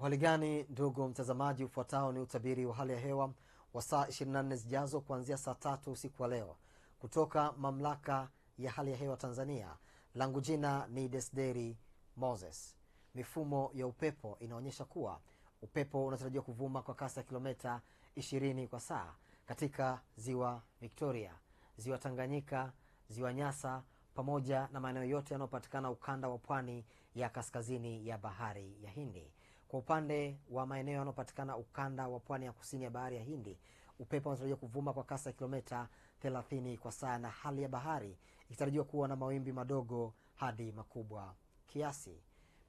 Hali gani ndugu mtazamaji, ufuatao ni utabiri wa hali ya hewa wa saa 24 zijazo kuanzia saa tatu usiku wa leo kutoka mamlaka ya hali ya hewa Tanzania. Langu jina ni Desderi Moses. Mifumo ya upepo inaonyesha kuwa upepo unatarajiwa kuvuma kwa kasi ya kilometa 20 kwa saa katika ziwa Victoria, ziwa Tanganyika, ziwa Nyasa pamoja na maeneo yote yanayopatikana ukanda wa pwani ya kaskazini ya bahari ya Hindi. Kwa upande wa maeneo yanayopatikana ukanda wa pwani ya kusini ya bahari ya Hindi, upepo unatarajiwa kuvuma kwa kasi ya kilomita 30 kwa saa na hali ya bahari ikitarajiwa kuwa na mawimbi madogo hadi makubwa kiasi.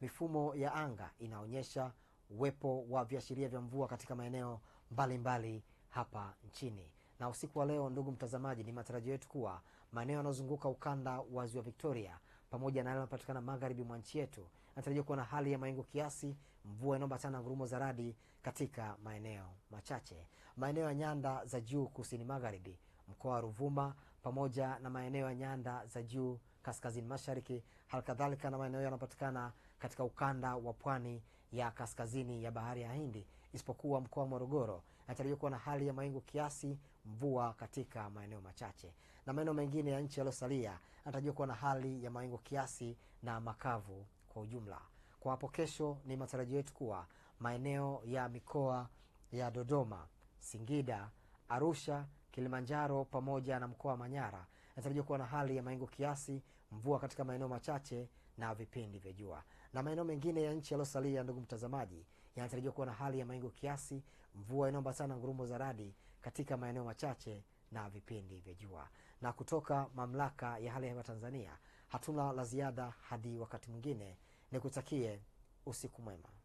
Mifumo ya anga inaonyesha uwepo wa viashiria vya mvua katika maeneo mbalimbali mbali hapa nchini. Na usiku wa leo, ndugu mtazamaji, ni matarajio yetu kuwa maeneo yanayozunguka ukanda wa ziwa Victoria pamoja na yale yanayopatikana magharibi mwa nchi yetu. Natarajia kuwa na hali ya mawingu kiasi, mvua inayoambatana na ngurumo za radi katika maeneo machache. Maeneo ya nyanda za juu kusini magharibi, mkoa wa Ruvuma pamoja na maeneo ya nyanda za juu kaskazini mashariki, halikadhalika na maeneo yanayopatikana katika ukanda wa pwani ya kaskazini ya bahari ya Hindi isipokuwa mkoa wa Morogoro. Inatarajiwa kuwa na hali ya mawingu kiasi, mvua katika maeneo machache, na maeneo mengine ya nchi yaliyosalia inatarajiwa kuwa na hali ya mawingu kiasi na makavu kwa ujumla. Kwa hapo kesho, ni matarajio yetu kuwa maeneo ya mikoa ya Dodoma, Singida, Arusha, Kilimanjaro pamoja na mkoa wa Manyara inatarajiwa kuwa na hali ya mawingu kiasi, mvua katika maeneo machache na vipindi vya jua. Na maeneo mengine ya nchi yaliyosalia, ndugu mtazamaji, yanatarajiwa kuwa na hali ya mawingu kiasi, mvua inayoambatana ngurumo za radi katika maeneo machache na vipindi vya jua. Na kutoka mamlaka ya hali ya hewa Tanzania hatuna la ziada hadi wakati mwingine, nikutakie usiku mwema.